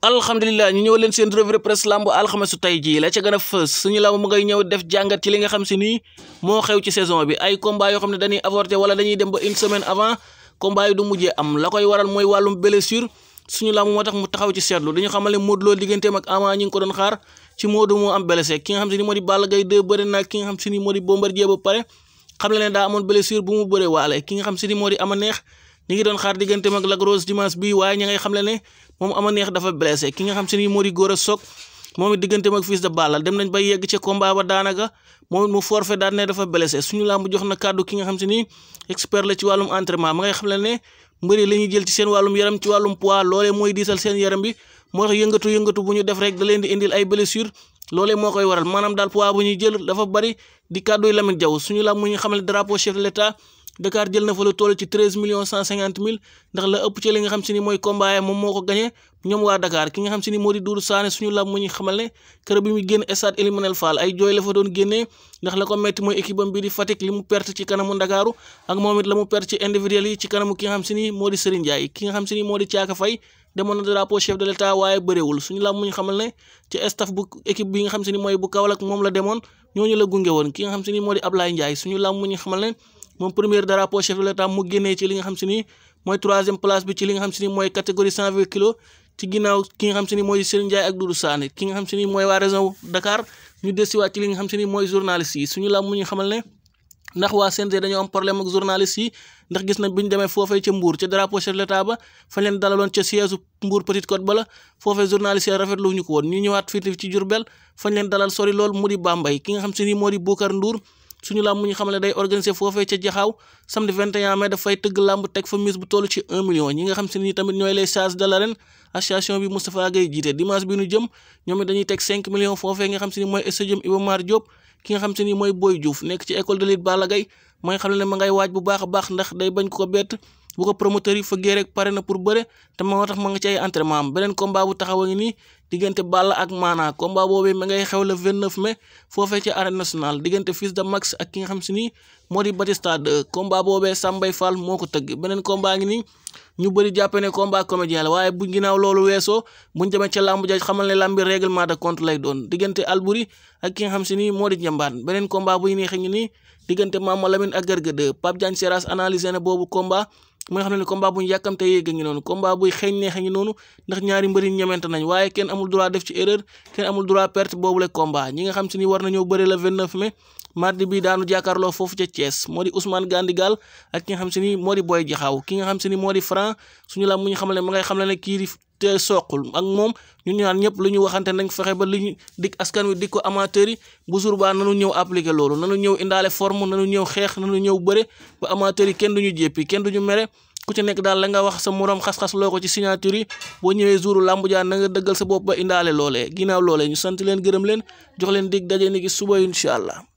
alhamdulilah ñu ñëw leen seen revue de presse lamb alxamesu tey jii la ca gën a fës suñu lamb mu ngay ñëw def jàngat ci li nga xam si nii moo xew ci saison bi ay combat yoo xam ne dañuy avorté wala dañuy dem ba une semaine avant combat yi du mujjee am la koy waral mooy wàllum blessure suñu lamb moo tax mu taxaw ci seetlu dañu xamal ne Modou Lo digganteem ak Ama ñu ko doon xaar ci Modou moo am blessé ki nga xam si ni moo na ki nga moo di Bombardier ba pare xam le ne daa amoon blessure bu mu bëre waale ki nga xam si ni moo di ama neex ñu ngi doon xaar digganteem mag Lac Rose dimanche bi waaye ña ngay xamle ne moom ama neex dafa blessé ki nga xam si ni moo di góor a soog moom it digganteem ak Fils de Balla dem nañ bay yegg ca combat ba daanaka moom it mu forfait daan ne dafa blessé suñu làmb jox na kàddu ki nga xam si ni expert la ci wàllum entraînement ma ngay xamle ne mbëri la ñuy jël ci seen wàllum yaram ci wàllum poids loolee mooy diisal seen yaram bi moo tax yëngatu bu ñu def rek da leen di indil ay blessure loolee moo koy waral maanaam daal poids bu ñuy jël dafa bari di kàddu yi Lamine Diaw suñu làmb mu ñu xamal drapeau chef de l'État Dakar jël na fa lu toll ci treize millions cent cinquante mille ndax la ëpp ci li nga xam si ni mooy combat yi moom moo ko gagné ñoom waa Dakar ki nga xam si ni moo di Doudou Sané suñu làmb mu ñu xamal ne kër la fa doon la ko metti Fatick li mu perte ci ak moom it la mu perte ci yi ci kanamu ki nga xam si ni moo di Serigne Ndiaye ki nga xam si moo di Thiaka Faye demoon na waaye bëréewul suñu làmb mu ñu xamal ne bi nga xam si ni mooy bu Kaolack moom la demoon ñooñu la gunge woon ki nga xam si ni moo di Ablaye Ndiaye suñu làmb mu ñu xamal ne moom premier drapeau chef de l'état mu génnee ci li nga xam si ni mooy troisième place bi ci li nga xam si ni mooy catégorie cent vingt kilos ci ginnaaw ki nga xam si ni mooy Serigne Ndiaye ak Doudou Sané ki nga xam si ni mooy waa région Dakar ñu desiwaat li nga xam si ni mooy journaliste yi suñu làmb mu ñu xamal ne. ndax waa CNG dañoo am problème ak journaliste yi ndax gis nañ bi ñu demee foofee ca Mbour ca drapeau chef de l'État ba fañ leen dalaloon ca siège Mbour Petite Côte ba la foofee journaliste yi rafetlu ñu ko woon ñu ñëwaat fii ci Diourbel leen dalal sori lool mu di Bambey ki nga xam si ni moo di Boucar Ndour suñu làmb ñu xamale day organiser foofee ca jaxaaw samedi 21 mai dafay tëgg làmb teg fa mise bu toll ci 1 million ñi nga xam si ni tamit ñooy les charges de l'arène association bi Moustapha Gaye jiite dimanche bi ñu jëm ñoom it dañuy teg 5 millions foofee nga xam si ni mooy stadium Iba Mar Diop ki nga xam si ni mooy Boy Diouf nekk ci école de lutte Balla Gaye mooy xam ne ma ngay waaj bu baax a baax ndax day bañ koo bett bu ko promoteur yi fëggee rek pare na pour bëre te moo tax ma nga ci ay entraînement am beneen combat bu taxaw a ngi nii diggante Balla ma ngay xew le 29 mai foofee ci arène nationale diggante Fils de Max ak ki nga xam si nii moo di Batista 2 combat boobee Sambay moo ko tëgg beneen combat ngi nii ñu bëri jàppee ne combat comédien la waaye bu ginnaaw loolu weesoo buñ demee ca làmb ja xamal ne làmbi règlement de compte doon diggante Albouri ak ki nga xam moo di njambaan beneen combat buy neexee ngi nii diggante Mama Lamine ak Garga 2 Pape na boobu combat ma nga xam ne combat bu ñu yàkkamte yéeg a ngi noonu combat buy xeeñ neex a noonu ndax ñaari mbëri ñemente nañ waaye kenn amul droit def ci erreur kenn amul droit perte boobule combat ñi nga xam si ni war nañoo bëre le 29 mai mardi bi daanu jàkkaarloo foofu ca Thiès moo di Ousmane Gandigal ak ki nga xam si ni moo di Boy Jaxaaw ki nga xam si ni moo di Franc suñu la mu ñu xamal ne ma ngay xam ne kii te soqul ak moom ñu ñaan ñëpp lu ñu waxante nañ fexe ba li ñu dikk askan wi dig ko amateur yi bu jour baa nanu ñëw appliqué loolu nanu ñëw indaale forme nanu ñëw xeex nanu ñëw bëre ba amateur yi kenn ñu jéppi kenn du ñu mere ku ci nekk daal la nga wax sa moroom xas-xas loo ko ci signature yi boo ñëwee jouru làmb jaan na nga dëggal sa bopp ba indaale loolee ginnaaw loolee ñu sant leen gërëm leen jox leen dig daje ni ki suba incha allah